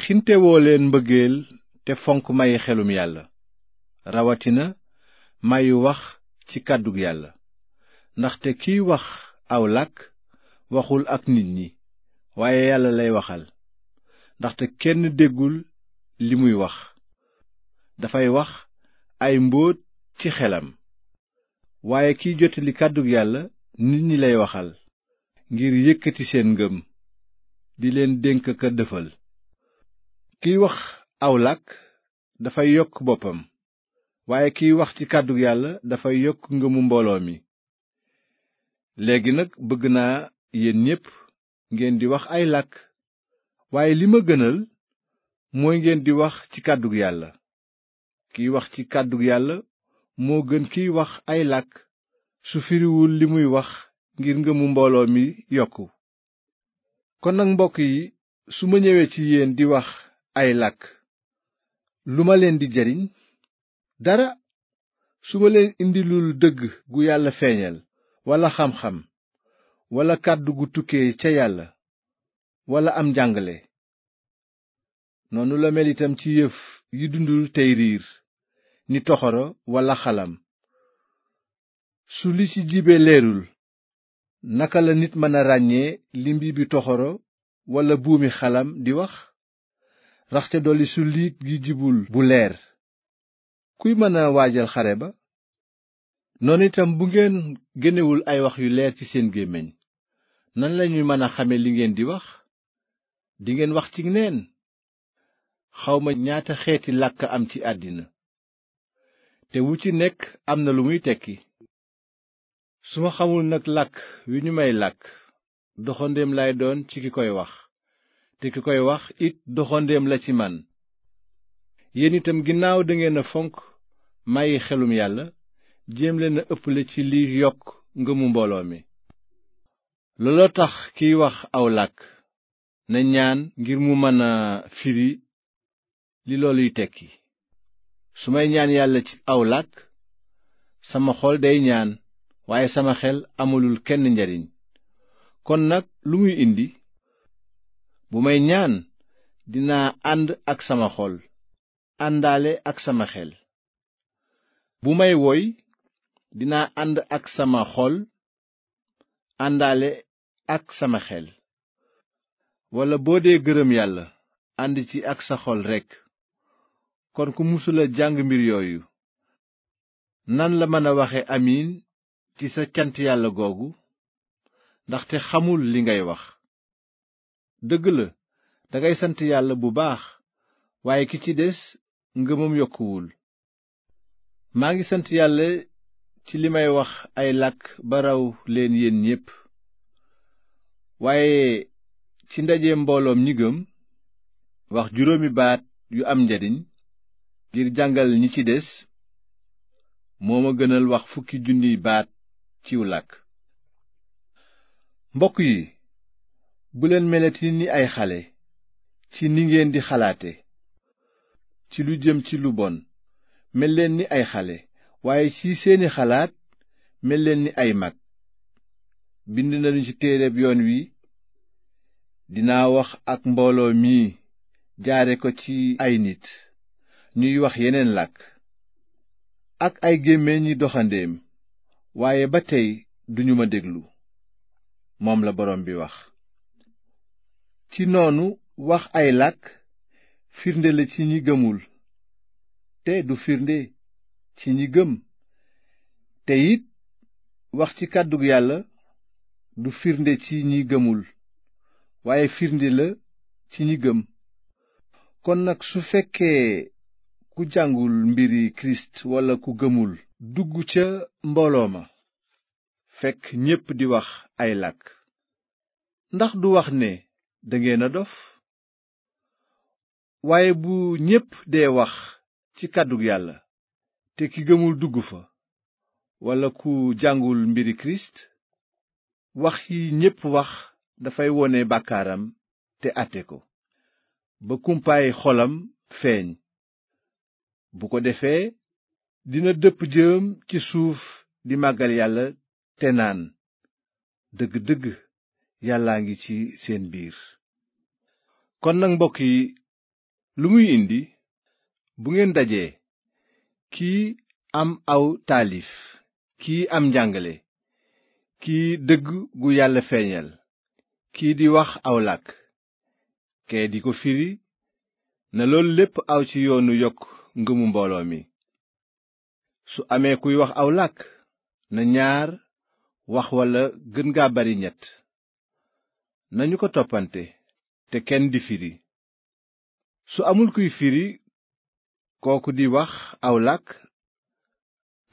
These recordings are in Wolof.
xintewoo leen mbëggeel te fonk mayi xelum yàlla rawatina mayu wax ci kàddug yàlla ndaxte kiy wax aw làkk waxul ak nit ñi waaye yàlla lay waxal ndaxte kenn déggul li muy wax dafay wax ay mbóot ci xelam waaye kiy jottali kàddug yàlla nit ñi lay waxal ngir yëkkati seen ngëm di leen dénk ko dëfal kiy wax aw làkk dafay yokk boppam waaye kiy wax ci kàddu yàlla dafay yokk ngëmu mbooloo mi léegi nag bëgg naa yéen ñépp ngeen di wax ay làkk waaye li ma gënal mooy ngeen di wax ci kàddu yàlla kiy wax ci kàddu yàlla moo gën kiy wax ay làkk su firiwul li muy wax ngir ngëmu mbooloo mi yokku kon nag mbokk yi su ma ñëwee ci yéen di wax ay làkk lu ma leen di jariñ dara su ma leen indilul dëgg gu yàlla feeñal walla xam-xam walla kàddu gu tukkee ca yàlla walla am njàngale noonu la mel itam ci yëf yi dundul tey riir ni toxoro walla xalam su li ci jibe leerul naka la nit mën a ràññee limbi bi toxoro walla buumi xalam di wax raxte dolli su liit gi jubul bu leer kuy mën a waajal xare ba noonu itam bu ngeen génnewul ay wax yu leer ci seen gémmiñ nan lañuy mën a xame li ngeen di wax dingeen wax ci neen xawma ñaata xeeti làkk am ci àddina te wu ci nekk am na lu muy tekki su ma xamul nag làkk wi ñu may làkk doxandeem lay doon ci ki koy wax te ki koy wax it doxandeem la ci man yéen itam ginnaaw dangeen a fonk mayi xelum yàlla jéem leen a ëpple ci li yokk ngëmu mbooloo mi looloo tax kiy wax aw làkk na ñaan ngir mu mën a firi li looluy tekki su may ñaan yàlla ci aw làkk sama xol day ñaan waaye sama xel amalul kenn njariñ kon nag lu muy indi bu may ñaan dinaa ànd ak sama xol àndaale ak sama xel bu may woy dinaa ànd ak sama xol àndaale ak sama xel walla boo dee gërëm yàlla ànd ci ak sa xol rekk kon ku musula jàng mbir yooyu nan la mën a waxe amiin ci sa cant yàlla googu ndaxte xamul li ngay wax dëgg la dangay sant yàlla bu baax waaye ki ci des ngëmam yokkuwul maa ngi sant yàlla ci li may wax ay làkk ba raw leen yéen ñépp waaye ci ndaje mbooloom ñi gëm wax juróomi baat yu am njariñ ngir jàngal ñi ci des moo ma gënal wax fukki junniy baat ciw làkk mbokk yi buleen melati ni ay xale ci ni ngeen di xalaate ci lu jëm ci lu bon mel leen ni ay xale waaye ci seeni xalaat mel leen ni ay mag bind nañu ci téereb yoon wi dinaa wax ak mbooloo mii jaare ko ci ay nit ñuy wax yeneen làkk ak ay gémmiñ ñi doxandeem waaye ba tey duñu ma déglu moom la borom bi wax ci noonu wax ay làkk firnde la ci ñi gëmul te du firnde ci ñi gëm te wax ci kàddug yàlla du firnde ci ñi gëmul waaye firnde la ci ñi gëm kon nag su fekkee ku jàngul mbiri kirist walla ku gëmul dugg ca mbooloo ma fekk ñépp di wax ay làkk ndax du wax ne dangeen a dof waaye bu ñépp dee wax ci kàddu yàlla te ki gëmul dugg fa walla ku jàngul mbiri kirist wax yi ñépp wax dafay wone bàkkaaram te àtte ko ba kumpaay xolam feeñ bu ko defee dina dëpp jëm ci suuf di màggal yàlla te naan dëgg-dëgg yàllaa ngi ci seen biir kon nag mbokk yi lu muy indi bu ngeen dajee kii am aw taalif kii am njàngale kii dëgg gu yàlla feeñal kii di wax aw làkk kee di ko firi na loolu lépp aw ci yoonu yokk ngëmu mbooloo mi su amee kuy wax aw làkk na ñaar wax walla gën gaa bari ñett nañu ko toppante te kenn di firi su amul kuy firi kooku di wax aw làkk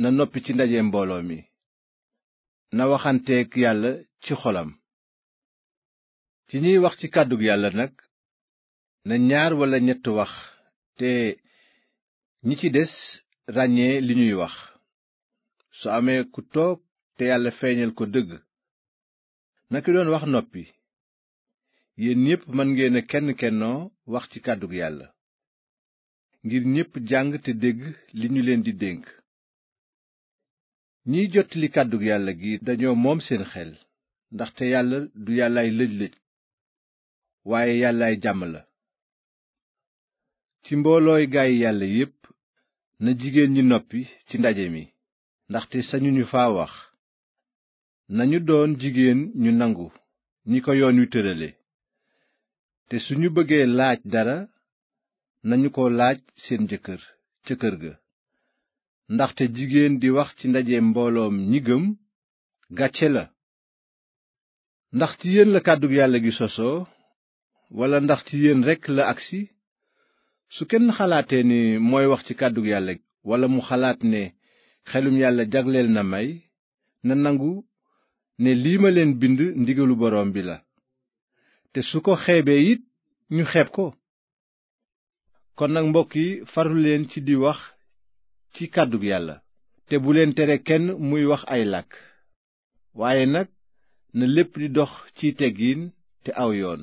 na noppi ci ndaje mbooloo mi na waxanteeg yàlla ci xolam ci ñuy wax ci kàddug yàlla nag na ñaar walla ñett wax te ñi ci des ràññee li ñuy wax su amee ku toog te yàlla feeñal ko dëgg na ki doon wax noppi yéen ñépp mën ngeen a kenn kennoo wax ci kàddu yàlla ngir ñépp jàng te dégg li ñu leen di dénk ñiy jottali kàddu yàlla gi dañoo moom seen xel ndaxte yàlla du yàllaay lëj-lëj waaye yàllaay jàmm la ci mboolooy gay yàlla yépp na jigéen ñi noppi ci ndaje mi ndaxte sañuñu faa wax nañu doon jigéen ñu nangu ñi ko yoon wi tërale te su ñu bëggee laaj dara nañu ko laaj seen jëkkër ca kër ga ndaxte jigéen di wax ci ndaje mbooloom ñi gëm gàcce la ndax ci yéen la kàddu yàlla gi sosoo walla ndax ci yéen rekk la agsi su kenn xalaatee ni mooy wax ci kàddu yàlla gi walla mu xalaat ne xelum yàlla jagleel na may na nangu ne lii ma leen bind ndigalu borom bi la te su ko xeebee it ñu xeeb ko kon nag mbokk yi faruleen ci di wax ci kàddug yàlla te bu leen tere kenn muy wax ay làkk waaye nag na lépp di dox ci teggiin te aw yoon